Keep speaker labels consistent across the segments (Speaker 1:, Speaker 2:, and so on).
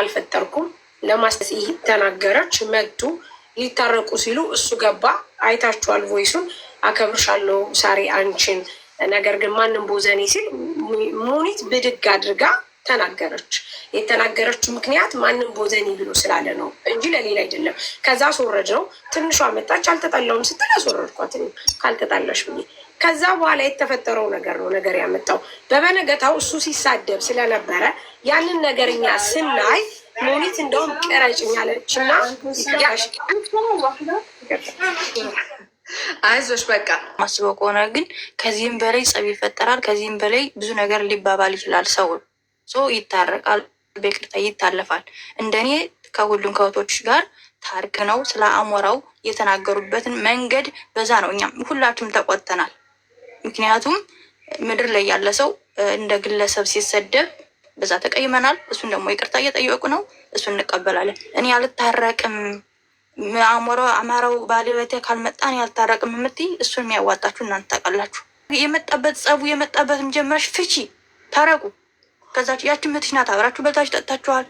Speaker 1: አልፈጠርኩም ይህ ተናገረች። መጡ ሊታረቁ ሲሉ እሱ ገባ። አይታችኋል ቮይሱን። አከብርሻለሁ ሳሪ አንቺን፣ ነገር ግን ማንም ቦዘኔ ሲል ሙኒት ብድግ አድርጋ ተናገረች። የተናገረችው ምክንያት ማንም ቦዘኔ ብሎ ስላለ ነው እንጂ ለሌላ አይደለም። ከዛ አስወረድ ነው። ትንሿ መጣች። አልተጣላውም ስትል አስወረድኳት። ካልተጣላሽ ብዬ ከዛ በኋላ የተፈጠረው ነገር ነው ነገር ያመጣው። በበነገታው እሱ ሲሳደብ ስለነበረ ያንን ነገር እኛ ስናይ ሞኒት እንደውም ቅረጭኝ አለች እና አይዞች በቃ ማስበው ከሆነ ግን ከዚህም በላይ ጸብ ይፈጠራል። ከዚህም በላይ ብዙ ነገር ሊባባል ይችላል። ሰው ሰው ይታረቃል፣ በይቅርታ ይታለፋል። እንደኔ ከሁሉም ከእህቶች ጋር ታርቅ ነው ስለ አሞራው የተናገሩበትን መንገድ በዛ ነው እኛም ሁላችሁም ተቆጥተናል። ምክንያቱም ምድር ላይ ያለ ሰው እንደ ግለሰብ ሲሰደብ በዛ ተቀይመናል። እሱን ደግሞ ይቅርታ እየጠየቁ ነው። እሱ እንቀበላለን። እኔ አልታረቅም አሞሮ አማራው ባለቤቴ ካልመጣ እኔ አልታረቅም የምትይ እሱን የሚያዋጣችሁ እናንተ ታውቃላችሁ። የመጣበት ጸቡ የመጣበት መጀመርሽ ፍቺ ታረቁ። ከዛ ያችን ምትሽ ናት። አብራችሁ በልታችሁ ጠጥታችኋል።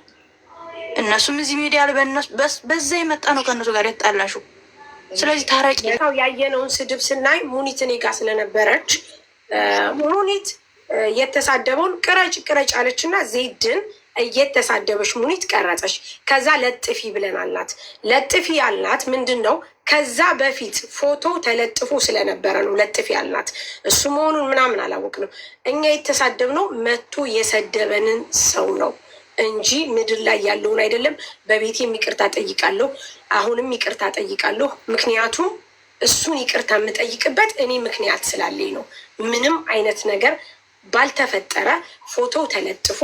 Speaker 1: እነሱም እዚህ ሚዲያ በዛ የመጣ ነው ከእነሱ ጋር የተጣላችሁ ስለዚህ ታረቂ ያየነውን ስድብ ስናይ ሙኒት እኔ ጋ ስለነበረች ሙኒት የተሳደበውን ቅረጭ ቅረጭ አለች እና ዜድን እየተሳደበች ሙኒት ቀረጸች። ከዛ ለጥፊ ብለን አላት። ለጥፊ ያልናት ምንድን ነው? ከዛ በፊት ፎቶ ተለጥፎ ስለነበረ ነው ለጥፊ ያልናት። እሱ መሆኑን ምናምን አላወቅ ነው እኛ የተሳደብነው መቶ የሰደበንን ሰው ነው። እንጂ ምድር ላይ ያለውን አይደለም። በቤቴም ይቅርታ ጠይቃለሁ፣ አሁንም ይቅርታ ጠይቃለሁ። ምክንያቱም እሱን ይቅርታ የምጠይቅበት እኔ ምክንያት ስላለኝ ነው። ምንም አይነት ነገር ባልተፈጠረ ፎቶው ተለጥፎ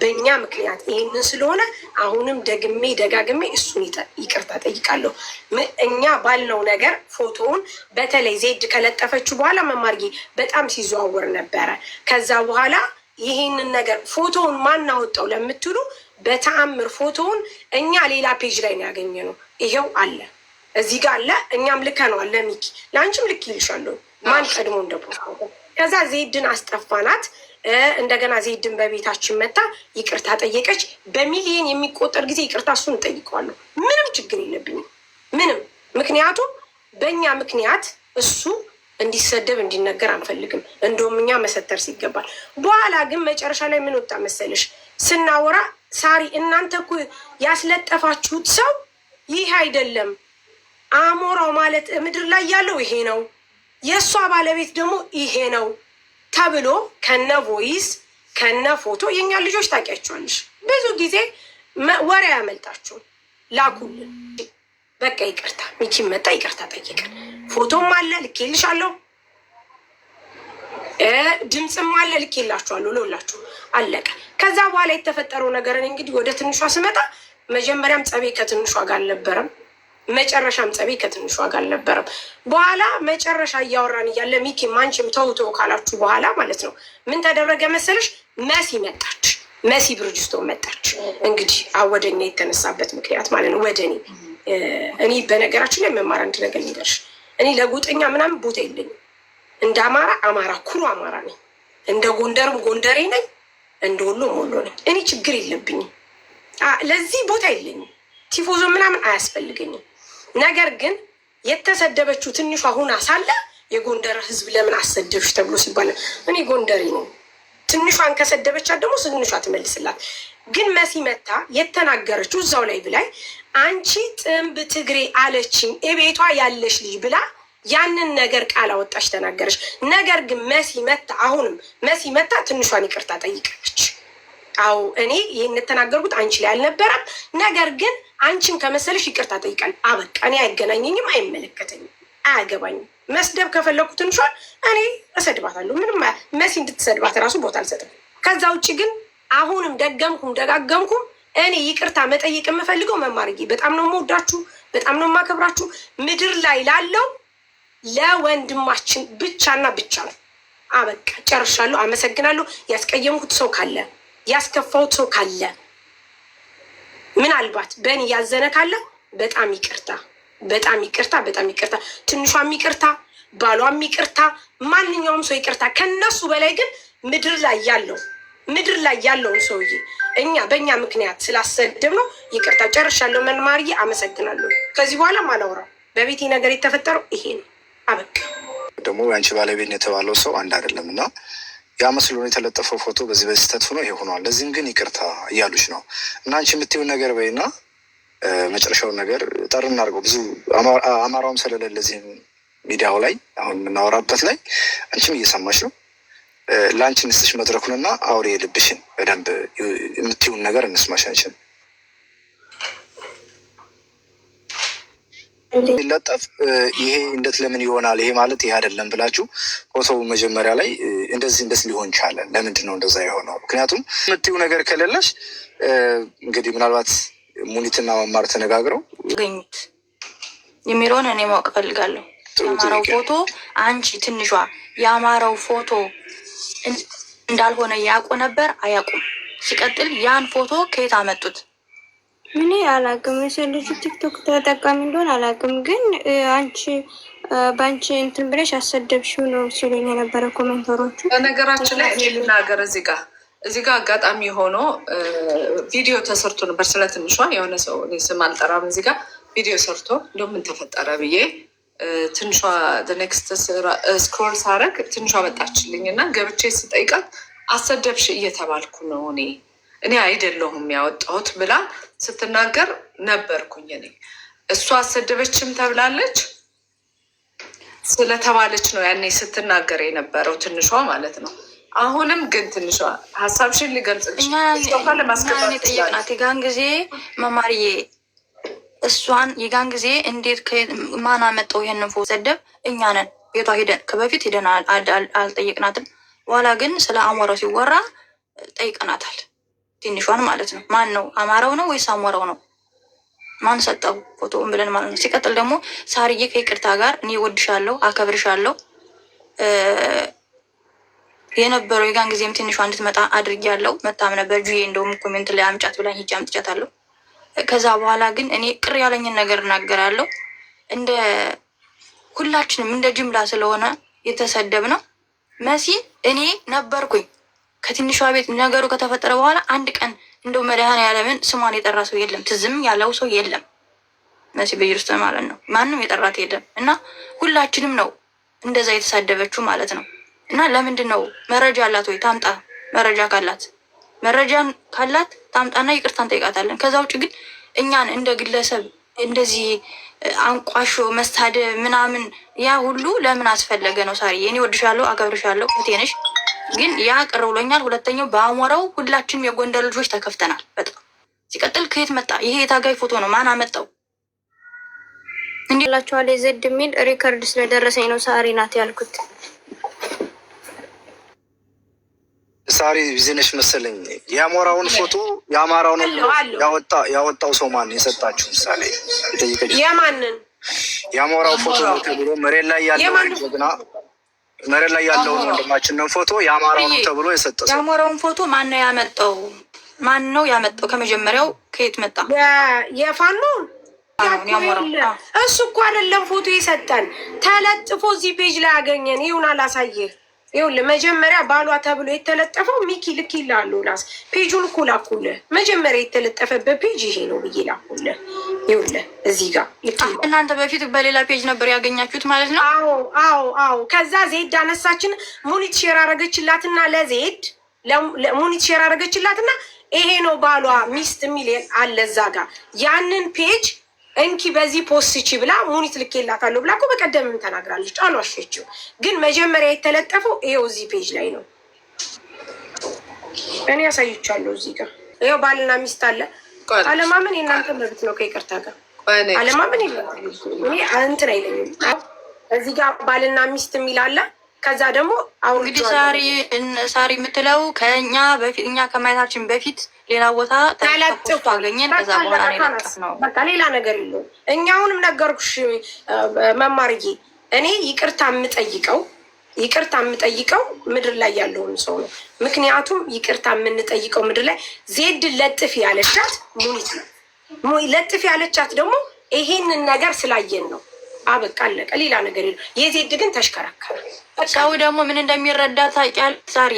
Speaker 1: በእኛ ምክንያት ይህንን ስለሆነ አሁንም ደግሜ ደጋግሜ እሱን ይቅርታ ጠይቃለሁ። እኛ ባልነው ነገር ፎቶውን በተለይ ዜድ ከለጠፈችው በኋላ መማርጌ በጣም ሲዘዋወር ነበረ። ከዛ በኋላ ይሄንን ነገር ፎቶውን ማናወጣው ለምትሉ በተአምር ፎቶውን እኛ ሌላ ፔጅ ላይ ነው ያገኘነው። ይሄው አለ እዚህ ጋር አለ። እኛም ልከነዋል ለሚኪ ለአንቺም ልክ ይልሻለሁ። ማን ቀድሞ እንደፖስት ከዛ ዜድን አስጠፋናት። እንደገና ዜድን በቤታችን መታ ይቅርታ ጠየቀች። በሚሊየን የሚቆጠር ጊዜ ይቅርታ እሱን እንጠይቀዋለሁ። ምንም ችግር የለብኝም ምንም ምክንያቱም በእኛ ምክንያት እሱ እንዲሰደብ እንዲነገር አንፈልግም። እንደውም እኛ መሰተር ሲገባል። በኋላ ግን መጨረሻ ላይ ምን ወጣ መሰለሽ ስናወራ ሳሪ እናንተ እኮ ያስለጠፋችሁት ሰው ይህ አይደለም፣ አሞራው ማለት ምድር ላይ ያለው ይሄ ነው፣ የእሷ ባለቤት ደግሞ ይሄ ነው ተብሎ ከነ ቮይስ ከነ ፎቶ የእኛ ልጆች ታውቂያቸዋለሽ። ብዙ ጊዜ ወሬ ያመልጣቸው ላኩልን። በቃ ይቅርታ ሚኪ መጣ፣ ይቅርታ ጠይቀን፣ ፎቶም አለ ልኬልሻለሁ፣ ድምፅም አለ ልኬላችኋለሁ፣ ለሁላችሁ አለቀ። ከዛ በኋላ የተፈጠረው ነገርን እንግዲህ ወደ ትንሿ ስመጣ መጀመሪያም ጸቤ ከትንሿ ጋር አልነበረም፣ መጨረሻም ጸቤ ከትንሿ ጋር አልነበረም። በኋላ መጨረሻ እያወራን እያለ ሚኪ ማንችም ተውቶ ካላችሁ በኋላ ማለት ነው ምን ተደረገ መሰለሽ መሲ መጣች፣ መሲ ብርጅስቶ መጣች። እንግዲህ አወደኛ የተነሳበት ምክንያት ማለት ነው ወደ እኔ እኔ በነገራችን ላይ መማር አንድ ነገር ንገርሽ፣ እኔ ለጎጠኛ ምናምን ቦታ የለኝም። እንደ አማራ አማራ ኩሩ አማራ ነኝ። እንደ ጎንደርም ጎንደሬ ነኝ። እንደ ወሎም ወሎ ነኝ። እኔ ችግር የለብኝም። ለዚህ ቦታ የለኝም። ቲፎዞ ምናምን አያስፈልገኝም። ነገር ግን የተሰደበችው ትንሿ ሁና ሳለ የጎንደር ህዝብ ለምን አሰደብሽ ተብሎ ሲባል እኔ ጎንደሬ ነኝ። ትንሿን ከሰደበቻት ደግሞ ትንሿ ትመልስላት። ግን መሲ መታ የተናገረችው እዛው ላይ ብላይ አንቺ ጥንብ ትግሬ አለችኝ እቤቷ ያለሽ ልጅ ብላ ያንን ነገር ቃል አወጣሽ ተናገረች። ነገር ግን መሲ መታ አሁንም መሲ መታ ትንሿን ይቅርታ ጠይቃለች። አው እኔ ይህን የተናገርኩት አንቺ ላይ አልነበረም። ነገር ግን አንቺን ከመሰለሽ ይቅርታ ጠይቃል። አበቃ። እኔ አይገናኘኝም፣ አይመለከተኝም፣ አያገባኝም። መስደብ ከፈለኩ ትንሿን እኔ እሰድባታለሁ። ምንም መሲ እንድትሰድባት እራሱ ቦታ አልሰጥም። ከዛ ውጭ ግን አሁንም ደገምኩም ደጋገምኩም እኔ ይቅርታ መጠየቅ የምፈልገው መማርዬ፣ በጣም ነው የምወዳችሁ፣ በጣም ነው የማከብራችሁ። ምድር ላይ ላለው ለወንድማችን ብቻና ብቻ ነው። አበቃ፣ ጨርሻለሁ። አመሰግናለሁ። ያስቀየምኩት ሰው ካለ ያስከፋሁት ሰው ካለ ምናልባት በእኔ ያዘነ ካለ በጣም ይቅርታ፣ በጣም ይቅርታ፣ በጣም ይቅርታ። ትንሿም ይቅርታ፣ ባሏም ይቅርታ፣ ማንኛውም ሰው ይቅርታ። ከነሱ በላይ ግን ምድር ላይ ያለው ምድር ላይ ያለውን ሰውዬ እኛ በእኛ ምክንያት ስላሰደብ ነው። ይቅርታ ጨርሻለሁ። መማርዬ አመሰግናለሁ። ከዚህ በኋላም አላወራም። በቤቴ ነገር የተፈጠረው ይሄ ነው። አበቃ።
Speaker 2: ደግሞ የአንቺ ባለቤት የተባለው ሰው አንድ አይደለም እና ያ መስሎ የተለጠፈው ፎቶ። በዚህ በስህተት ሆኖ ይሄ ሆኗል። ለዚህም ግን ይቅርታ እያሉች ነው እና አንቺ የምትይውን ነገር በይና መጨረሻውን ነገር ጠር እናድርገው። ብዙ አማራውም ስለሌለ እዚህም ሚዲያው ላይ አሁን የምናወራበት ላይ አንቺም እየሰማች ነው ለአንቺ እንስጥሽ መድረኩንና አውሬ ልብሽን በደንብ የምትይውን ነገር እንስማሽ። አንቺን ይሄ እንደት ለምን ይሆናል ይሄ ማለት ይሄ አይደለም ብላችሁ ፎቶው መጀመሪያ ላይ እንደዚህ እንደት ሊሆን ቻለ፣ ለምንድን ነው እንደዛ የሆነው? ምክንያቱም የምትይው ነገር ከሌለሽ እንግዲህ ምናልባት ሙኒትና መማር ተነጋግረው
Speaker 1: ገኙት የሚለውን እኔ ማወቅ እፈልጋለሁ። ያማረው ፎቶ አንቺ ትንሿ ያማረው ፎቶ እንዳልሆነ ያውቁ ነበር? አያውቁም? ሲቀጥል ያን ፎቶ ከየት አመጡት?
Speaker 3: እኔ አላውቅም። የሰው ልጅ ቲክቶክ ተጠቃሚ እንደሆን አላውቅም። ግን አንቺ በአንቺ እንትን ብለሽ አሰደብሽው ነው ሲሉኝ የነበረ ኮመንተሮቹ።
Speaker 1: በነገራችን ላይ እኔ ልናገር እዚህ ጋ እዚህ ጋ አጋጣሚ ሆኖ ቪዲዮ ተሰርቶ ነበር ስለ ትንሿ የሆነ ሰው ስም አልጠራም። እዚህ ጋ ቪዲዮ ሰርቶ እንደምን ተፈጠረ ብዬ ትንሿ ኔክስት ስክሮል ሳረግ ትንሿ መጣችልኝ እና ገብቼ ስጠይቃት አሰደብሽ እየተባልኩ ነው እኔ እኔ አይደለሁም ያወጣሁት ብላ ስትናገር ነበርኩኝ። እኔ እሷ አሰደበችም ተብላለች ስለተባለች ነው ያኔ ስትናገር የነበረው ትንሿ ማለት ነው። አሁንም ግን ትንሿ ሀሳብሽን ሊገልጽልሽ
Speaker 4: ለማስገባት ጊዜ መማርዬ እሷን የጋን ጊዜ እንዴት ማን አመጣው ይህን ፎቶ ሰደብ እኛ ነን። ቤቷ ሄደን ከበፊት ሄደን አልጠየቅናትም። ኋላ ግን ስለ አሞራው ሲወራ ጠይቀናታል። ትንሿን ማለት ነው። ማን ነው አማራው ነው ወይስ አሞራው ነው? ማን ሰጠው ፎቶውን ብለን ማለት ነው። ሲቀጥል ደግሞ ሳርዬ ከይቅርታ ጋር እኔ ወድሻለሁ፣ አከብርሻለሁ የነበረው የጋን ጊዜም ትንሿ እንድትመጣ አድርጊያለሁ። መጣም ነበር ጁዬ እንደውም ኮሜንት ላይ አምጫት ብላኝ ሂጅ አምጥጫታለሁ ከዛ በኋላ ግን እኔ ቅር ያለኝን ነገር እናገራለሁ። እንደ ሁላችንም እንደ ጅምላ ስለሆነ የተሰደብ ነው መሲ። እኔ ነበርኩኝ ከትንሿ ቤት ነገሩ ከተፈጠረ በኋላ አንድ ቀን እንደው መድኃኒዓለምን ስሟን የጠራ ሰው የለም፣ ትዝም ያለው ሰው የለም። መሲ በየርስተ ማለት ነው ማንም የጠራት የለም። እና ሁላችንም ነው እንደዛ የተሳደበችው ማለት ነው። እና ለምንድን ነው መረጃ አላት ወይ ታምጣ መረጃ ካላት መረጃን ካላት ታምጣና ይቅርታ እንጠይቃታለን። ከዛ ውጭ ግን እኛን እንደ ግለሰብ እንደዚህ አንቋሾ መስታደ ምናምን ያ ሁሉ ለምን አስፈለገ ነው? ሳሪ እኔ ወድሻለሁ፣ አከብርሻለሁ፣ እህቴ ግን ያ ቅር ብሎኛል። ሁለተኛው በአሞራው ሁላችንም የጎንደር ልጆች ተከፍተናል በጣም ሲቀጥል፣ ከየት መጣ ይሄ? የታጋይ ፎቶ ነው ማን አመጣው? እንዲላቸኋል የዘድ የሚል ሪከርድ ስለደረሰኝ ነው ሳሪ ናት ያልኩት።
Speaker 2: ሳሪ ቢዝነሽ መሰለኝ የአሞራውን ፎቶ የአማራውን ያወጣ ያወጣው ሰው ማን የሰጣችሁ? ምሳሌ የማንን የአሞራው ፎቶ ተብሎ መሬት ላይ ያለውና ጀግና መሬት ላይ ያለውን ወንድማችንን ፎቶ የአማራውን ተብሎ የሰጠ
Speaker 4: ሰው የአሞራውን ፎቶ ማን ነው ያመጣው? ማን ነው ያመጣው? ከመጀመሪያው ከየት መጣ?
Speaker 1: የፋኖ እሱ እኮ አይደለም ፎቶ የሰጠን ተለጥፎ እዚህ ፔጅ ላይ አገኘን። ይሁን አላሳየህ ይሁን መጀመሪያ ባሏ ተብሎ የተለጠፈው ሚኪ ልክ ይላሉ ናስ ፔጁን እኮ ላኩልህ። መጀመሪያ የተለጠፈበት ፔጅ ይሄ ነው ብዬ ላኩልህ። ይኸውልህ እዚህ ጋር
Speaker 4: እናንተ በፊት በሌላ ፔጅ ነበር ያገኛችሁት ማለት ነው?
Speaker 1: አዎ አዎ አዎ። ከዛ ዜድ አነሳችን ሙኒት ሼር አረገችላትና ለዜድ ሙኒት ሼር አረገችላትና ይሄ ነው ባሏ ሚስት የሚል አለ እዛ ጋር ያንን ፔጅ እንኪ በዚህ ፖስቺ ብላ ሙኒት ልኬላታለሁ ብላ እኮ በቀደምም ተናግራለች። አሏሸችው ግን መጀመሪያ የተለጠፈው ይኸው እዚህ ፔጅ ላይ ነው። እኔ ያሳይቻለሁ። እዚህ ጋር ይኸው ባልና ሚስት አለ። አለማመን የእናንተ መብት ነው፣ ከይቅርታ ጋር አለማመን የእናንተ እኔ እንትን አይለኝም። እዚህ ጋር ባልና ሚስት የሚል አለ ከዛ ደግሞ
Speaker 4: አሁን እንግዲህ ሳሪ ሳሪ የምትለው ከኛ በፊት እኛ ከማየታችን በፊት ሌላ ቦታ አገኘን። ከዛ በኋላ
Speaker 1: ነው በቃ ሌላ ነገር የለውም። እኛ አሁንም ነገርኩሽ መማርዬ፣ እኔ ይቅርታ የምጠይቀው ይቅርታ የምጠይቀው ምድር ላይ ያለውን ሰው ነው። ምክንያቱም ይቅርታ የምንጠይቀው ምድር ላይ ዜድ ለጥፍ ያለቻት ሙኒት ነው። ለጥፍ ያለቻት ደግሞ ይሄንን ነገር ስላየን ነው አበቃ አለቀ። ሌላ ነገር የለም። የዜድ ግን ተሽከረከረ።
Speaker 4: ሰው ደግሞ ምን እንደሚረዳ ታውቂያለሽ? ዛሬ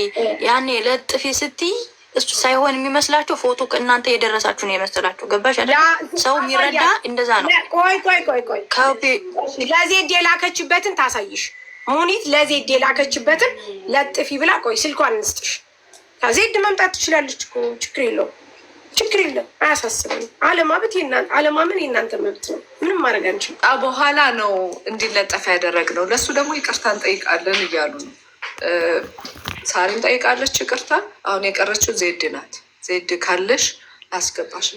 Speaker 4: ያኔ ለጥፊ ስትይ እሱ ሳይሆን የሚመስላቸው ፎቶ እናንተ የደረሳችሁ ነው የመሰላችሁ። ገባሽ? ሰው የሚረዳ እንደዛ ነው።
Speaker 1: ቆይ ቆይ ቆይ ቆይ ለዜድ የላከችበትን ታሳይሽ። ሙኒት ለዜድ የላከችበትን ለጥፊ ብላ ቆይ ስልኳን እንስጥሽ። ዜድ መምጣት ትችላለች፣ ችግር የለውም። ችግር የለም አያሳስብም። አለማበት አለማመን የእናንተ መብት ነው። ምንም ማድረግ አንችልም። በኋላ ነው እንዲለጠፍ ያደረግነው። ለእሱ ደግሞ ይቅርታ እንጠይቃለን እያሉ ነው። ሳሪም ጠይቃለች ይቅርታ። አሁን የቀረችው ዜድ ናት። ዜድ ካለሽ አስገባሽ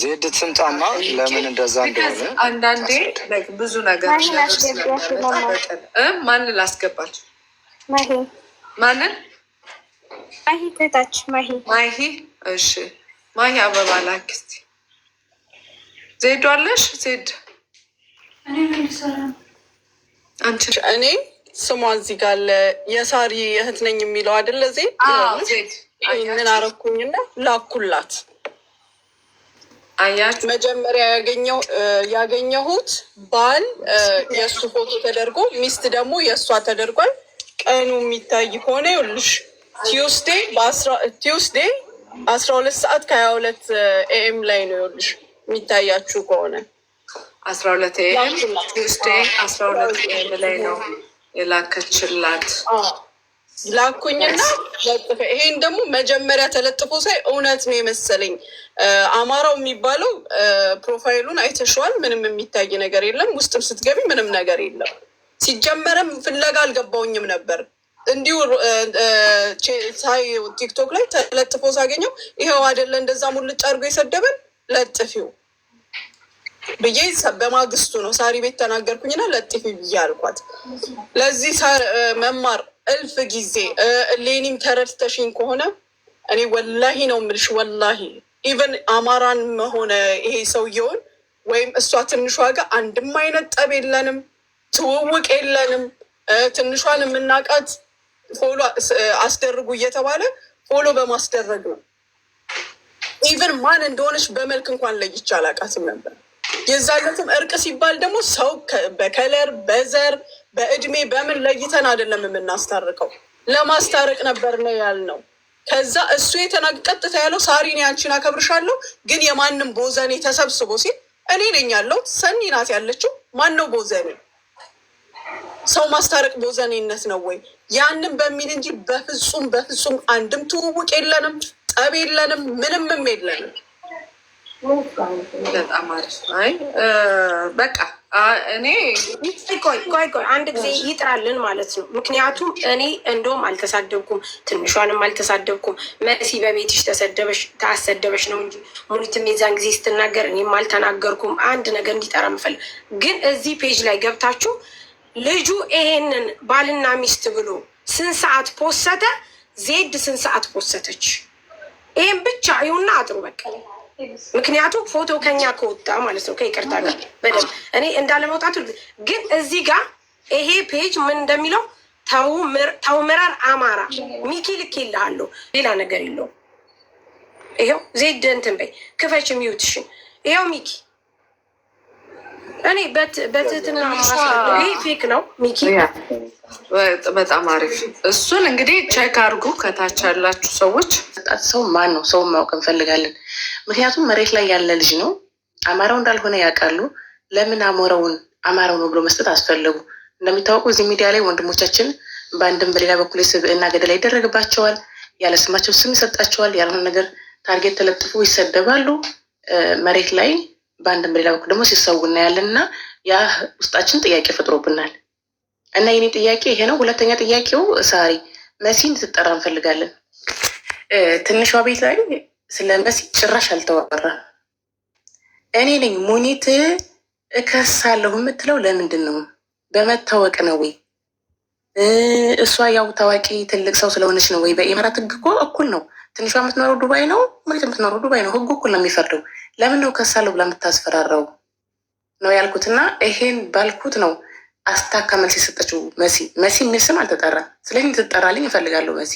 Speaker 2: ዜድ ትምጣና ለምን እንደዛ
Speaker 1: እንደሆነ አንዳንዴ ብዙ ነገር ማንን ላስገባች? ማንን ማሂ ማሂ። እሺ ማሂ አበባ ላክስቲ እስኪ። ዜዶ አለሽ? ዜድ እኔ ስሟ እዚህ ጋር አለ። የሳሪ እህት ነኝ የሚለው አይደለ? ዜ ምን አረኩኝና ላኩላት። አያት መጀመሪያ ያገኘሁት ባል የእሱ ፎቶ ተደርጎ ሚስት ደግሞ የእሷ ተደርጓል። ቀኑ የሚታይ ከሆነ ይኸውልሽ ቲውስዴ አስራ ሁለት ሰዓት ከሀያ ሁለት ኤኤም ላይ ነው ይኸውልሽ፣ የሚታያችሁ ከሆነ አስራ ሁለት ኤኤም ቱስዴይ አስራ ሁለት ኤኤም ላይ ነው የላከችላት። ላኩኝና ለጥፈ ይሄን ደግሞ መጀመሪያ ተለጥፎ ሳይ እውነት ነው የመሰለኝ። አማራው የሚባለው ፕሮፋይሉን አይተሸዋል። ምንም የሚታይ ነገር የለም። ውስጥም ስትገቢ ምንም ነገር የለም። ሲጀመረም ፍለጋ አልገባውኝም ነበር እንዲሁ ሳይ ቲክቶክ ላይ ተለጥፎ ሳገኘው ይኸው አይደለ እንደዛ ሙልጭ አድርጎ የሰደበን ለጥፊው ብዬ በማግስቱ ነው ሳሪ ቤት ተናገርኩኝና ለጥፊ ብዬ አልኳት። ለዚህ መማር እልፍ ጊዜ ሌኒም ተረድተሽኝ ከሆነ እኔ ወላሂ ነው የምልሽ፣ ወላሂ ኢቨን አማራን መሆነ ይሄ ሰውየውን ወይም እሷ ትንሿ ጋር አንድም አይነት ጠብ የለንም፣ ትውውቅ የለንም። ትንሿን የምናውቃት ፎሎ አስደርጉ እየተባለ ፎሎ በማስደረግ ነው። ኢቨን ማን እንደሆነች በመልክ እንኳን ለይቼ አላውቃትም ነበር። የዛለትም እርቅ ሲባል ደግሞ ሰው በከለር በዘር በእድሜ በምን ለይተን አይደለም የምናስታርቀው፣ ለማስታረቅ ነበር ነው ያልነው። ከዛ እሱ የተናግ ቀጥታ ያለው ሳሪን ያንቺን አከብርሻለሁ ግን የማንም ቦዘኔ ተሰብስቦ ሲል እኔ ነኝ ያለው። ሰኒ ናት ያለችው። ማን ነው ቦዘኔ? ሰው ማስታረቅ ቦዘኔነት ነው ወይ? ያንን በሚል እንጂ በፍጹም በፍጹም አንድም ትውውቅ የለንም፣ ጠብ የለንም፣ ምንምም የለንም። በጣም አሪፍ። አይ በቃ እኔ ቆይ ቆይ ቆይ አንድ ጊዜ ይጥራልን ማለት ነው። ምክንያቱም እኔ እንደውም አልተሳደብኩም፣ ትንሿንም አልተሳደብኩም። መሲ በቤትሽ ተሰደበሽ ታሰደበሽ ነው እንጂ ሙኒትም የዛን ጊዜ ስትናገር እኔም አልተናገርኩም። አንድ ነገር እንዲጠራ ምፈል ግን እዚህ ፔጅ ላይ ገብታችሁ ልጁ ይሄንን ባልና ሚስት ብሎ ስንት ሰዓት ፖሰተ? ዜድ ስንት ሰዓት ፖሰተች? ይሄን ብቻ ይሁና አጥሩ በቃ። ምክንያቱም ፎቶ ከኛ ከወጣ ማለት ነው ከይቅርታ ጋር በደንብ እኔ እንዳለመውጣቱ ግን እዚህ ጋር ይሄ ፔጅ ምን እንደሚለው ተው ተውምረር አማራ ሚኪ ልክ ይልሃለሁ። ሌላ ነገር የለውም። ይኸው ዜድ እንትን በይ ክፈች ሚዩትሽን። ይኸው ሚኪ እኔ በትህትና ይሄ ፌክ ነው ሚኪ፣ በጣም አሪፍ። እሱን እንግዲህ ቼክ አድርጉ ከታች ያላችሁ ሰዎች። ሰው ማን ነው ሰው ማወቅ እንፈልጋለን። ምክንያቱም መሬት ላይ ያለ ልጅ ነው። አማራው እንዳልሆነ ያውቃሉ። ለምን አሞረውን አማራው ነው ብሎ መስጠት አስፈለጉ? እንደሚታወቁ እዚህ ሚዲያ ላይ ወንድሞቻችን በአንድም በሌላ በኩል የስብዕና ገደላ ይደረግባቸዋል። ያለ ስማቸው ስም ይሰጣቸዋል። ያልሆነ ነገር ታርጌት ተለጥፎ ይሰደባሉ መሬት ላይ በአንድም በሌላ በኩል ደግሞ ሲሰው እናያለን እና ያ ውስጣችን ጥያቄ ፈጥሮብናል። እና የኔ ጥያቄ ይሄ ነው። ሁለተኛ ጥያቄው ሳሪ መሲ እንድትጠራ እንፈልጋለን። ትንሿ ቤት ላይ ስለ መሲ ጭራሽ አልተወራ። እኔ ነኝ ሙኒት እከሳለሁ የምትለው ለምንድን ነው? በመታወቅ ነው ወይ? እሷ ያው ታዋቂ ትልቅ ሰው ስለሆነች ነው ወይ? በኢማራት ህግ እኮ እኩል ነው። ትንሿ የምትኖረው ዱባይ ነው፣ ሙኒት የምትኖረው ዱባይ ነው። ህጉ እኩል ነው የሚፈርደው ለምን ነው ከሳለሁ ብላ የምታስፈራራው ነው ያልኩት። እና ይሄን ባልኩት ነው አስታካ መልስ የሰጠችው። መሲ መሲ የሚል ስም አልተጠራ። ስለዚህ ትጠራልኝ እፈልጋለሁ መሲ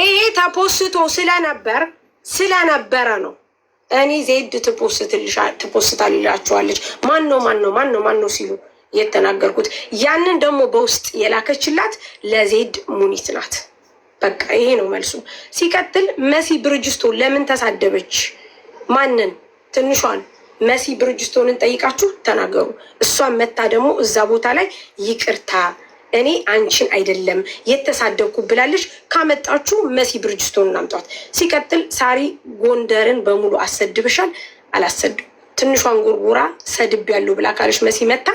Speaker 1: ይሄ ተፖስቶ ስለነበር ስለነበረ ነው። እኔ ዜድ ትፖስታል ይላችኋለች። ማን ነው ማን ነው ማን ነው ማን ነው ሲሉ የተናገርኩት። ያንን ደግሞ በውስጥ የላከችላት ለዜድ ሙኒት ናት። በቃ ይሄ ነው መልሱ። ሲቀጥል መሲ ብርጅስቶን ለምን ተሳደበች? ማንን? ትንሿን መሲ ብርጅስቶንን ጠይቃችሁ ተናገሩ። እሷን መታ ደግሞ እዛ ቦታ ላይ ይቅርታ እኔ አንቺን አይደለም የተሳደብኩ ብላለች። ካመጣችሁ መሲ ብርጅስቶን አምጧት። ሲቀጥል ሳሪ ጎንደርን በሙሉ አሰድብሻል። አላሰድም ትንሿን ጎርጎራ ሰድብ ያለው ብላ ካለች መሲ መታ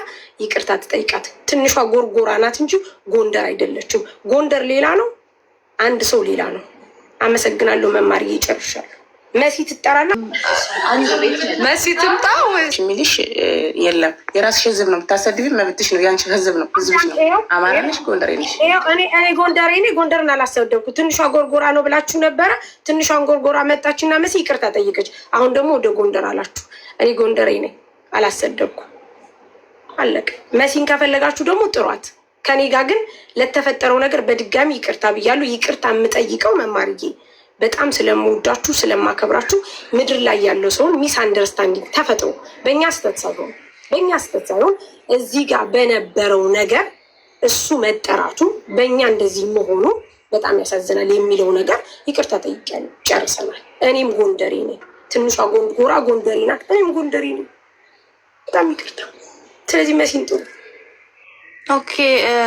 Speaker 1: ይቅርታ ትጠይቃት። ትንሿ ጎርጎራ ናት እንጂ ጎንደር አይደለችም። ጎንደር ሌላ ነው። አንድ ሰው ሌላ ነው። አመሰግናለሁ። መማር እየጨርሻለሁ። መሲ ትጠራና መሲ ትምጣ የሚልሽ የለም። የራስሽ ህዝብ ነው የምታሰድቢ፣ መብትሽ ነው። ያንቺ ህዝብ ነው፣ ህዝብሽ ነው። አማራ ነሽ፣ ጎንደሬ ነሽ። እኔ ጎንደሬ ነኝ። ጎንደርን አላሰደብኩ። ትንሿ ጎርጎራ ነው ብላችሁ ነበረ። ትንሿን ጎርጎራ መጣችና መሲ ይቅርታ ጠይቀች። አሁን ደግሞ ወደ ጎንደር አላችሁ። እኔ ጎንደሬ ነኝ፣ አላሰደብኩ። አለቀ። መሲን ከፈለጋችሁ ደግሞ ጥሯት። ከኔ ጋር ግን ለተፈጠረው ነገር በድጋሚ ይቅርታ ብያሉ። ይቅርታ የምጠይቀው መማርዬ በጣም ስለምወዳችሁ ስለማከብራችሁ፣ ምድር ላይ ያለው ሰውን ሚስ አንደርስታንዲንግ ተፈጥሮ በእኛ ስተት ሳይሆን በእኛ ስተት ሳይሆን እዚህ ጋር በነበረው ነገር እሱ መጠራቱ በእኛ እንደዚህ መሆኑ በጣም ያሳዝናል የሚለው ነገር ይቅርታ ጠይቀን ጨርሰናል። እኔም ጎንደሬ ነኝ። ትንሿ ጎራ ጎንደሬ ናት። እኔም ጎንደሬ ነኝ። በጣም ይቅርታ። ስለዚህ መሲን ጥሩ
Speaker 4: ኦኬ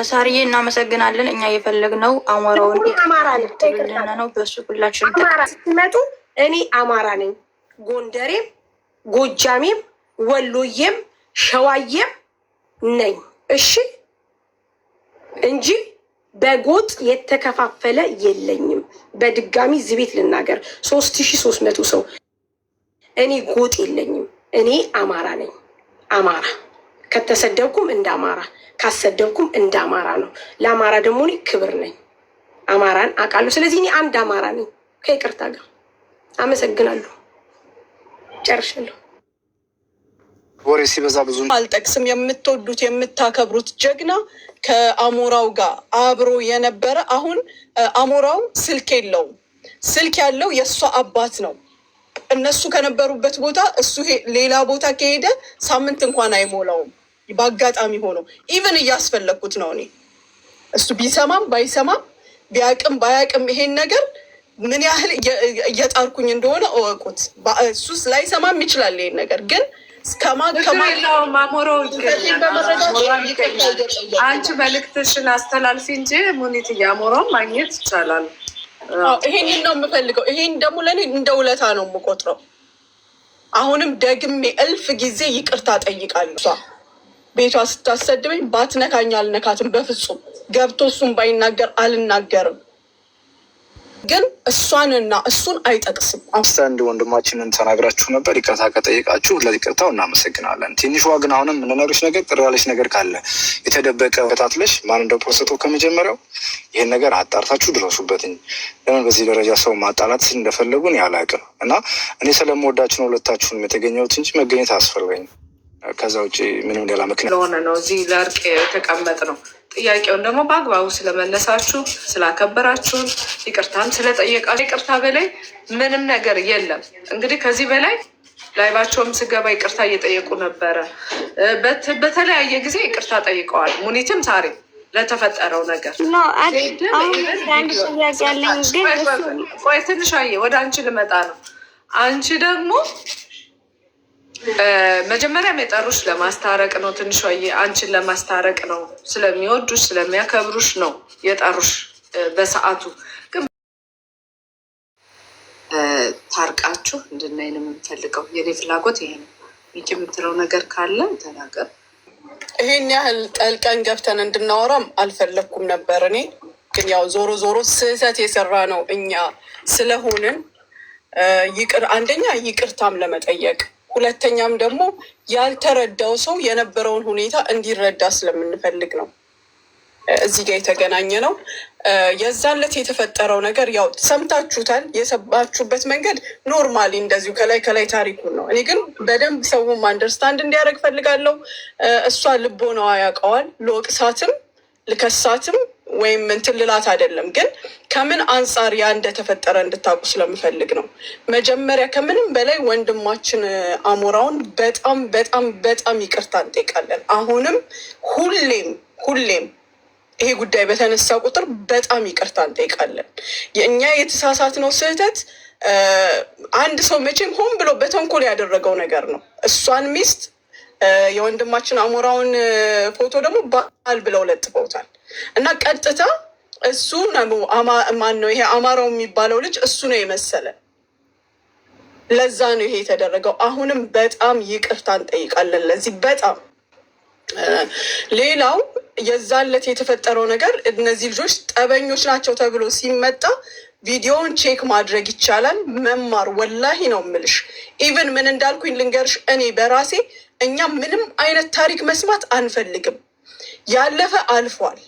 Speaker 4: ሳርዬ እናመሰግናለን። እኛ የፈለግነው አማራውን
Speaker 1: አማራ ነው። በሱ ሁላችን አማራ ስትመጡ እኔ አማራ ነኝ። ጎንደሬም፣ ጎጃሜም፣ ወሎዬም ሸዋዬም ነኝ። እሺ እንጂ በጎጥ የተከፋፈለ የለኝም። በድጋሚ እዚህ ቤት ልናገር፣ ሶስት ሺ ሶስት መቶ ሰው እኔ ጎጥ የለኝም። እኔ አማራ ነኝ። አማራ ከተሰደብኩም እንደ አማራ ካሰደብኩም እንደ አማራ ነው። ለአማራ ደግሞ እኔ ክብር ነኝ። አማራን አውቃለሁ። ስለዚህ እኔ አንድ አማራ ነኝ። ከይቅርታ ጋር አመሰግናለሁ። ጨርሻለሁ። ወሬ ሲበዛ ብዙ አልጠቅስም። የምትወዱት የምታከብሩት ጀግና ከአሞራው ጋር አብሮ የነበረ አሁን አሞራው ስልክ የለውም። ስልክ ያለው የእሷ አባት ነው። እነሱ ከነበሩበት ቦታ እሱ ሌላ ቦታ ከሄደ ሳምንት እንኳን አይሞላውም። በአጋጣሚ ሆኖ ኢቨን እያስፈለግኩት ነው እኔ እሱ ቢሰማም ባይሰማም ቢያቅም ባያቅም ይሄን ነገር ምን ያህል እየጣርኩኝ እንደሆነ እወቁት። እሱ ላይሰማም ይችላል። ይሄን ነገር ግን አንቺ መልዕክትሽን አስተላልፊ እንጂ ሙኒት እያሞረው ማግኘት ይቻላል። ይሄንን ነው የምፈልገው። ይሄን ደግሞ ለእኔ እንደ ውለታ ነው የምቆጥረው። አሁንም ደግሜ እልፍ ጊዜ ይቅርታ ጠይቃለሁ። ቤቷ ስታሰድበኝ ባትነካኝ አልነካትም። በፍጹም ገብቶ እሱን ባይናገር አልናገርም። ግን እሷንና እሱን አይጠቅስም።
Speaker 2: አንድ ወንድማችንን ተናግራችሁ ነበር። ይቅርታ ከጠየቃችሁ ለይቅርታው እናመሰግናለን። ትንሿ ግን አሁንም የምንነግርሽ ነገር ቅር ያለሽ ነገር ካለ የተደበቀ ከታትለሽ ማን እንደፖስቶ ከመጀመሪያው ይህን ነገር አጣርታችሁ ድረሱበትኝ። ለምን በዚህ ደረጃ ሰው ማጣላት እንደፈለጉን ያላቅም እና እኔ ስለምወዳችሁ ነው ሁለታችሁንም የተገኘሁት እንጂ መገኘት አስፈልገኝ ከዛ ውጭ ምንም ሌላ ምክንያት
Speaker 1: ለሆነ ነው እዚህ ለእርቅ የተቀመጥ ነው። ጥያቄውን ደግሞ በአግባቡ ስለመለሳችሁ ስላከበራችሁን፣ ይቅርታም ስለጠየቃችሁ ይቅርታ በላይ ምንም ነገር የለም። እንግዲህ ከዚህ በላይ ላይባቸውም ስገባ ይቅርታ እየጠየቁ ነበረ። በተለያየ ጊዜ ይቅርታ ጠይቀዋል። ሙኒትም ዛሬ ለተፈጠረው ነገር ቆይ ትንሽ ወደ አንቺ ልመጣ ነው። አንቺ ደግሞ መጀመሪያም የጠሩሽ ለማስታረቅ ነው። ትንሿዬ አንቺን ለማስታረቅ ነው። ስለሚወዱሽ ስለሚያከብሩሽ ነው የጠሩሽ። በሰዓቱ ግን ታርቃችሁ እንድናይ የምንፈልገው። የኔ ፍላጎት ይሄ ነው። ሚኪ የምትለው ነገር ካለ ተናገር። ይሄን ያህል ጠልቀን ገብተን እንድናወራም አልፈለግኩም ነበር እኔ ግን ያው ዞሮ ዞሮ ስህተት የሰራ ነው እኛ ስለሆንን ይቅር አንደኛ ይቅርታም ለመጠየቅ ሁለተኛም ደግሞ ያልተረዳው ሰው የነበረውን ሁኔታ እንዲረዳ ስለምንፈልግ ነው። እዚህ ጋር የተገናኘ ነው። የዛን ዕለት የተፈጠረው ነገር ያው ሰምታችሁታል። የሰባችሁበት መንገድ ኖርማሊ እንደዚሁ ከላይ ከላይ ታሪኩን ነው። እኔ ግን በደንብ ሰውም አንደርስታንድ እንዲያደርግ ፈልጋለሁ። እሷ ልቦናዋ ያውቀዋል። ልወቅሳትም ልከሳትም ወይም እንትን ልላት አይደለም፣ ግን ከምን አንጻር ያ እንደተፈጠረ እንድታውቁ ስለምፈልግ ነው። መጀመሪያ ከምንም በላይ ወንድማችን አሞራውን በጣም በጣም በጣም ይቅርታ እንጠይቃለን። አሁንም ሁሌም ሁሌም ይሄ ጉዳይ በተነሳ ቁጥር በጣም ይቅርታ እንጠይቃለን። የእኛ ነው ስህተት አንድ ሰው መቼም ሆን ብሎ በተንኮል ያደረገው ነገር ነው። እሷን ሚስት የወንድማችን አሞራውን ፎቶ ደግሞ በዓል ብለው ለጥፈውታል እና ቀጥታ እሱ ማን ነው ይሄ አማራው የሚባለው ልጅ እሱ ነው የመሰለ። ለዛ ነው ይሄ የተደረገው። አሁንም በጣም ይቅርታ እንጠይቃለን ለዚህ በጣም ሌላው የዛለት የተፈጠረው ነገር እነዚህ ልጆች ጠበኞች ናቸው ተብሎ ሲመጣ ቪዲዮውን ቼክ ማድረግ ይቻላል። መማር ወላሂ ነው ምልሽ። ኢቨን ምን እንዳልኩኝ ልንገርሽ፣ እኔ በራሴ እኛ ምንም አይነት ታሪክ መስማት አንፈልግም። ያለፈ አልፏል፣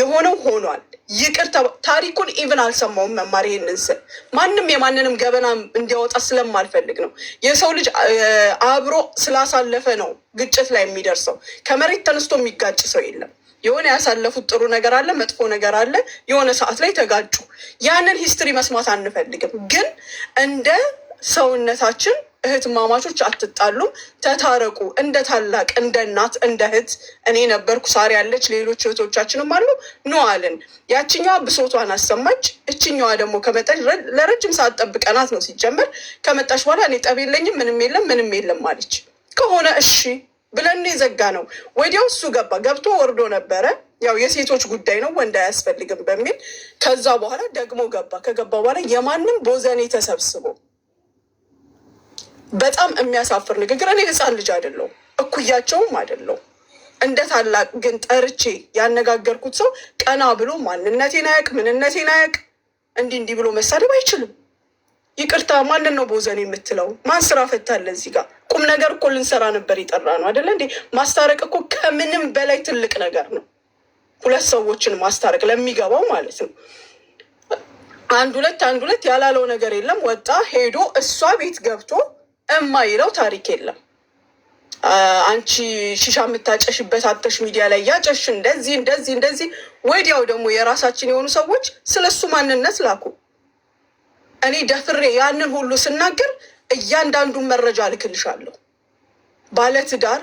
Speaker 1: የሆነው ሆኗል። ይቅር ታሪኩን ኢቭን አልሰማውም። መማር ይህንን ስል ማንም የማንንም ገበና እንዲያወጣ ስለማልፈልግ ነው። የሰው ልጅ አብሮ ስላሳለፈ ነው ግጭት ላይ የሚደርሰው። ከመሬት ተነስቶ የሚጋጭ ሰው የለም። የሆነ ያሳለፉት ጥሩ ነገር አለ፣ መጥፎ ነገር አለ። የሆነ ሰዓት ላይ ተጋጩ። ያንን ሂስትሪ መስማት አንፈልግም ግን እንደ ሰውነታችን እህት ማማቾች አትጣሉም፣ ተታረቁ። እንደ ታላቅ እንደ እናት እንደ እህት እኔ ነበርኩ፣ ሳሪ ያለች፣ ሌሎች እህቶቻችንም አሉ። ኖ አለን። ያችኛዋ ብሶቷን አሰማች። እችኛዋ ደግሞ ከመጣች ለረጅም ሰዓት ጠብቀናት ነው ሲጀመር። ከመጣች በኋላ እኔ ጠብ የለኝም ምንም የለም ምንም የለም አለች። ከሆነ እሺ ብለን የዘጋ ነው። ወዲያው እሱ ገባ። ገብቶ ወርዶ ነበረ። ያው የሴቶች ጉዳይ ነው ወንድ አያስፈልግም በሚል ከዛ በኋላ ደግሞ ገባ። ከገባ በኋላ የማንም ቦዘኔ ተሰብስቦ በጣም የሚያሳፍር ንግግር። እኔ ህፃን ልጅ አይደለው እኩያቸውም አይደለው። እንደ ታላቅ ግን ጠርቼ ያነጋገርኩት ሰው ቀና ብሎ ማንነቴን አያውቅ፣ ምንነቴን አያውቅ፣ እንዲህ እንዲህ ብሎ መሳደብ አይችልም። ይቅርታ ማንን ነው በወዘን የምትለው? ማን ስራ ፈታለ? እዚህ ጋር ቁም ነገር እኮ ልንሰራ ነበር የጠራ ነው አደለ እንዴ? ማስታረቅ እኮ ከምንም በላይ ትልቅ ነገር ነው። ሁለት ሰዎችን ማስታረቅ ለሚገባው ማለት ነው። አንድ ሁለት አንድ ሁለት ያላለው ነገር የለም። ወጣ ሄዶ እሷ ቤት ገብቶ እማይለው ታሪክ የለም። አንቺ ሺሻ የምታጨሽበት አተሽ ሚዲያ ላይ ያጨሽ እንደዚህ እንደዚህ እንደዚህ። ወዲያው ደግሞ የራሳችን የሆኑ ሰዎች ስለሱ ማንነት ላኩ። እኔ ደፍሬ ያንን ሁሉ ስናገር እያንዳንዱን መረጃ ልክልሻለሁ። ባለትዳር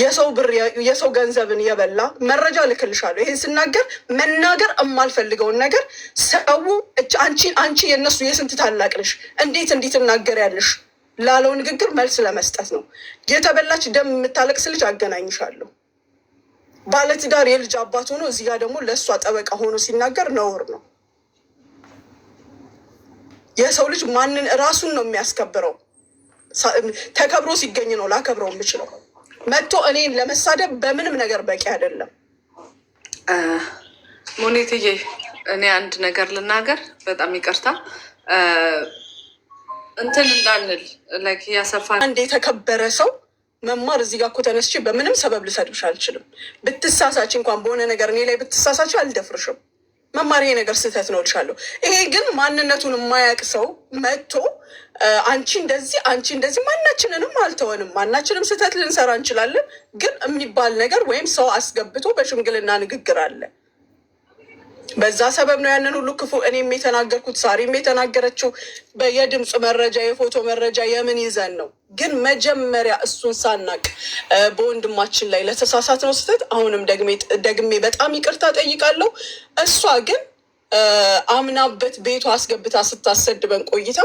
Speaker 1: የሰው ብር የሰው ገንዘብን የበላ መረጃ ልክልሻለሁ። ይህን ስናገር መናገር የማልፈልገውን ነገር ሰው አንቺ አንቺ የእነሱ የስንት ታላቅ ነሽ፣ እንዴት እንዴት ያለሽ ላለው ንግግር መልስ ለመስጠት ነው። የተበላች ደም የምታለቅስ ልጅ አገናኝሻለሁ። ባለትዳር የልጅ አባት ሆኖ እዚህ ጋር ደግሞ ለእሷ ጠበቃ ሆኖ ሲናገር ነውር ነው። የሰው ልጅ ማንን ራሱን ነው የሚያስከብረው። ተከብሮ ሲገኝ ነው ላከብረው የምችለው። መጥቶ እኔን ለመሳደብ በምንም ነገር በቂ አይደለም። ሞኔትዬ እኔ አንድ ነገር ልናገር፣ በጣም ይቅርታ እንትን እንዳንል ላይክ እያሰፋ አንድ የተከበረ ሰው መማር እዚህ ጋር እኮ ተነስቼ በምንም ሰበብ ልሰድብሽ አልችልም። ብትሳሳች እንኳን በሆነ ነገር እኔ ላይ ብትሳሳች አልደፍርሽም። መማር ይሄ ነገር ስህተት ነው እልሻለሁ። ይሄ ግን ማንነቱን የማያውቅ ሰው መጥቶ አንቺ እንደዚህ አንቺ እንደዚህ ማናችንንም አልተወንም፣ ማናችንም ስህተት ልንሰራ እንችላለን፣ ግን የሚባል ነገር ወይም ሰው አስገብቶ በሽምግልና ንግግር አለ በዛ ሰበብ ነው ያንን ሁሉ ክፉ እኔም የተናገርኩት ሳሪም የተናገረችው የድምፅ መረጃ የፎቶ መረጃ የምን ይዘን ነው። ግን መጀመሪያ እሱን ሳናቅ በወንድማችን ላይ ለተሳሳት ነው ስህተት። አሁንም ደግሜ በጣም ይቅርታ ጠይቃለሁ። እሷ ግን አምናበት ቤቷ አስገብታ ስታሰድበን ቆይታ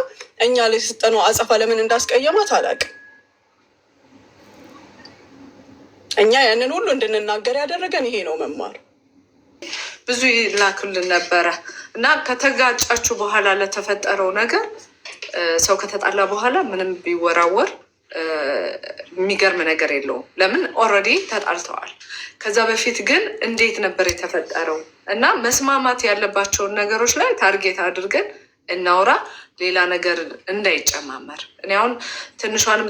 Speaker 1: እኛ ላይ ስጠነው አጸፋ ለምን እንዳስቀየማት አላውቅም። እኛ ያንን ሁሉ እንድንናገር ያደረገን ይሄ ነው መማር ብዙ ይላክልን ነበረ እና ከተጋጫችሁ በኋላ ለተፈጠረው ነገር ሰው ከተጣላ በኋላ ምንም ቢወራወር የሚገርም ነገር የለውም። ለምን ኦልሬዲ ተጣልተዋል። ከዛ በፊት ግን እንዴት ነበር የተፈጠረው እና መስማማት ያለባቸውን ነገሮች ላይ ታርጌት አድርገን እናውራ፣ ሌላ ነገር እንዳይጨማመር። እኔ አሁን ትንሿን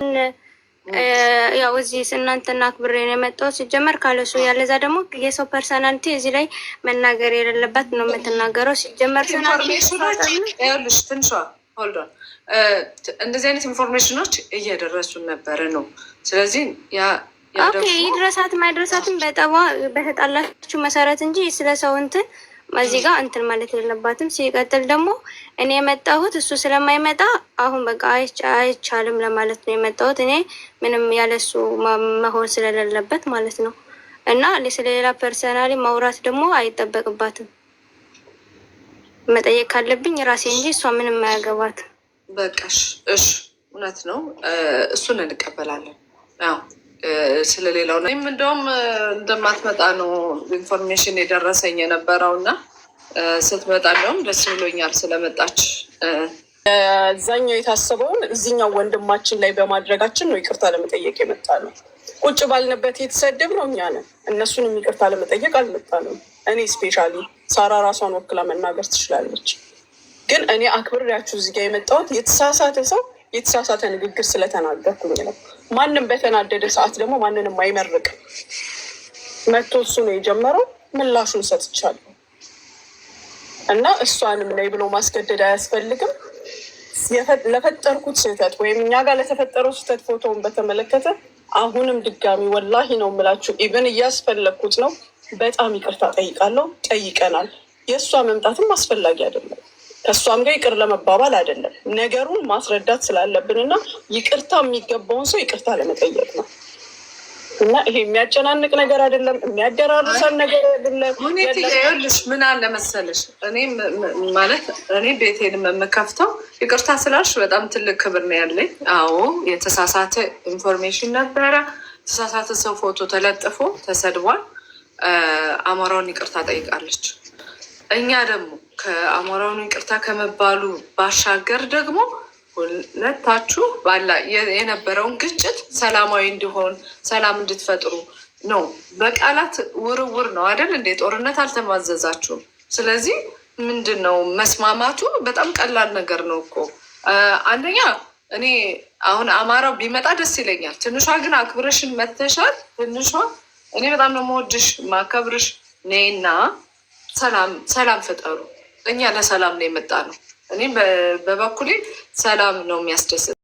Speaker 3: ያው እዚህ እናንተና አክብሬ ነው የመጣሁት ሲጀመር ካለሱ ያለዛ ደግሞ የሰው ፐርሰናልቲ እዚህ ላይ መናገር የሌለበት ነው የምትናገረው። ሲጀመር ትንሿ
Speaker 1: ሆልዶን እንደዚህ አይነት ኢንፎርሜሽኖች እየደረሱን ነበረ ነው። ስለዚህ
Speaker 3: ይድረሳት ማይድረሳትን በጠባ በተጣላችሁ መሰረት እንጂ ስለ ሰው እንትን እዚህ ጋር እንትን ማለት የለባትም። ሲቀጥል ደግሞ እኔ የመጣሁት እሱ ስለማይመጣ አሁን በቃ አይቻልም ለማለት ነው የመጣሁት እኔ ምንም ያለሱ መሆን ስለሌለበት ማለት ነው። እና ስለሌላ ፐርሰናሊ ማውራት ደግሞ አይጠበቅባትም። መጠየቅ ካለብኝ ራሴ እንጂ እሷ ምንም አያገባትም።
Speaker 1: በቃሽ። እሺ፣ እውነት ነው። እሱን እንቀበላለን። ስለሌላው ነው። ይህም እንደውም እንደማትመጣ ነው ኢንፎርሜሽን የደረሰኝ የነበረው እና ስትመጣ እንደውም ደስ ብሎኛል ስለመጣች። እዛኛው የታሰበውን እዚኛው ወንድማችን ላይ በማድረጋችን ነው ይቅርታ ለመጠየቅ የመጣ ነው። ቁጭ ባልንበት የተሰደብ ነው እኛ ነን። እነሱንም ይቅርታ ለመጠየቅ አልመጣ ነው። እኔ ስፔሻሊ ሳራ ራሷን ወክላ መናገር ትችላለች። ግን እኔ አክብሬያችሁ እዚጋ የመጣሁት የተሳሳተ ሰው የተሳሳተ ንግግር ስለተናገርኩኝ ነው። ማንም በተናደደ ሰዓት ደግሞ ማንንም አይመርቅም። መቶ እሱ ነው የጀመረው፣ ምላሹን ሰጥቻለሁ እና እሷንም ላይ ብሎ ማስገደድ አያስፈልግም። ለፈጠርኩት ስህተት ወይም እኛ ጋር ለተፈጠረው ስህተት ፎቶውን በተመለከተ አሁንም ድጋሚ ወላሂ ነው የምላችሁ፣ ኢብን እያስፈለግኩት ነው። በጣም ይቅርታ ጠይቃለሁ። ጠይቀናል። የእሷ መምጣትም አስፈላጊ አይደለም። ከእሷም ጋር ይቅር ለመባባል አይደለም፣ ነገሩን ማስረዳት ስላለብን እና ይቅርታ የሚገባውን ሰው ይቅርታ ለመጠየቅ ነው። እና ይሄ የሚያጨናንቅ ነገር አይደለም፣ የሚያደራርሰን ነገር አይደለም። ሁኔትያዩልሽ ምን አለ መሰለሽ፣ እኔ ማለት እኔ ቤቴን የምከፍተው ይቅርታ ስላልሽ በጣም ትልቅ ክብር ነው ያለኝ። አዎ የተሳሳተ ኢንፎርሜሽን ነበረ። የተሳሳተ ሰው ፎቶ ተለጥፎ ተሰድቧል። አማራውን ይቅርታ ጠይቃለች። እኛ ደግሞ ከአሞራውን ይቅርታ ከመባሉ ባሻገር ደግሞ ሁለታችሁ ባላ የነበረውን ግጭት ሰላማዊ እንዲሆን ሰላም እንድትፈጥሩ ነው። በቃላት ውርውር ነው አይደል እንዴ? ጦርነት አልተማዘዛችሁም። ስለዚህ ምንድን ነው መስማማቱ በጣም ቀላል ነገር ነው እኮ። አንደኛ እኔ አሁን አማራው ቢመጣ ደስ ይለኛል። ትንሿ ግን አክብረሽን መተሻል። ትንሿ እኔ በጣም ነው መወድሽ ማከብርሽ። ነይና ሰላም ሰላም እኛ ለሰላም ነው የመጣ ነው። እኔም በበኩሌ ሰላም ነው የሚያስደስት